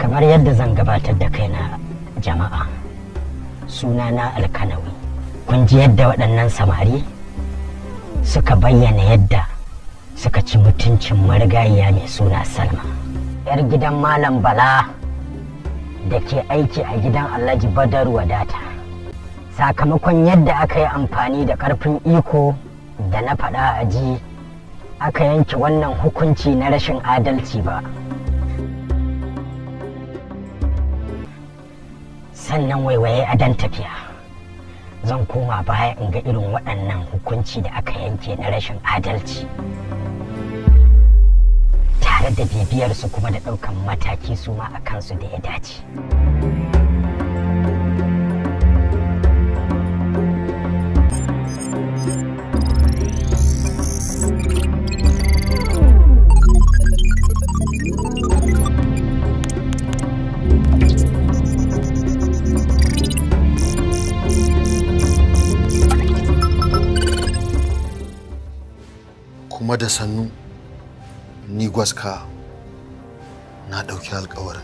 kamar yadda zan gabatar da kaina jama'a suna na alkanawi kun ji yadda waɗannan samari suka bayyana yadda suka ci mutuncin marigayiya mai suna salma yar gidan malam bala da ke aiki a gidan alhaji badar wadata sakamakon yadda aka yi amfani da ƙarfin iko da na faɗa a ji aka yanke wannan hukunci na rashin adalci ba sannan waiwaye a dan tafiya zan koma baya in ga irin waɗannan hukunci da aka yanke na rashin adalci tare da bibiyarsu kuma da ɗaukan mataki su ma a kansu da ya dace. kuma da sannu ni gwaska na ɗauki alkawarin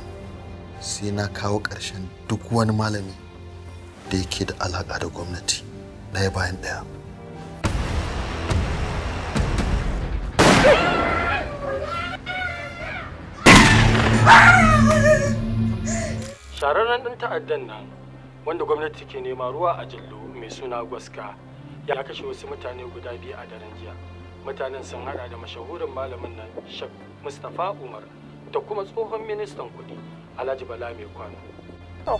sai na kawo ƙarshen duk wani malami da yake da alaƙa da gwamnati ɗaya bayan ɗaya. Shararren ɗan ta'addan nan wanda gwamnati ke nema ruwa a jallo mai suna gwaska ya kashe wasu mutane guda biyu a daren jiya. mutanen sun hada da mashahurin malamin nan shek mustapha umar da kuma tsohon ministan kudi alhaji bala mai kwano to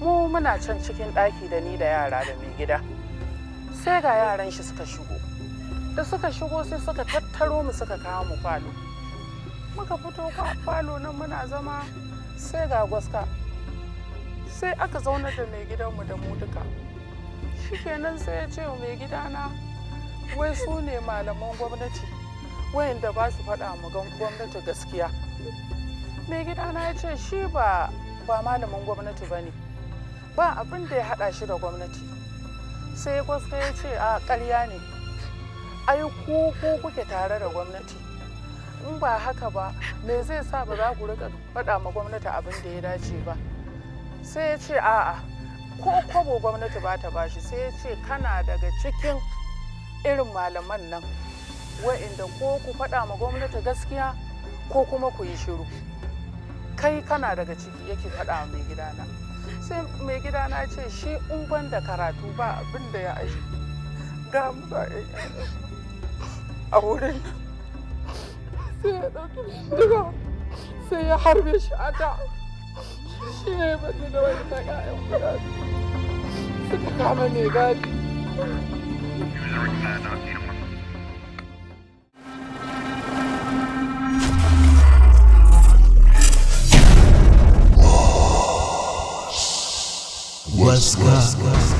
mu muna can cikin ɗaki da ni da yara da mai gida sai ga yaran shi suka shigo da suka shigo sai suka tattaro mu suka kawo mu falo muka fito ko falo nan muna zama sai ga gwaska sai aka zaunar da mai gidanmu da mu duka shikenan sai ya ce wa mai gidana wai su ne malaman gwamnati wayanda ba su faɗa ma gwamnati gaskiya mai gida na ya ce shi ba ba malamin gwamnati ba ne ba abin da ya haɗa shi da gwamnati sai kwaska ya ce a ƙarya ne ai ku ku kuke tare da gwamnati in ba haka ba me zai sa ba za ku rika faɗa ma gwamnati abin da ya dace ba sai ya ce a'a ko kwabo gwamnati ba ta bashi sai ya ce kana daga cikin irin malaman nan wa'inda ko ku faɗa ma gwamnati gaskiya ko kuma ku yi shiru kai kana daga ciki yake faɗa mai gidana sai mai gidana ce shi da karatu ba abin da ya aji ga mu a wurin sai ya ɗauki sai ya harbe shi a da shi ne ya da wani na ƙa'yan su suka kama mai gadi Huasca.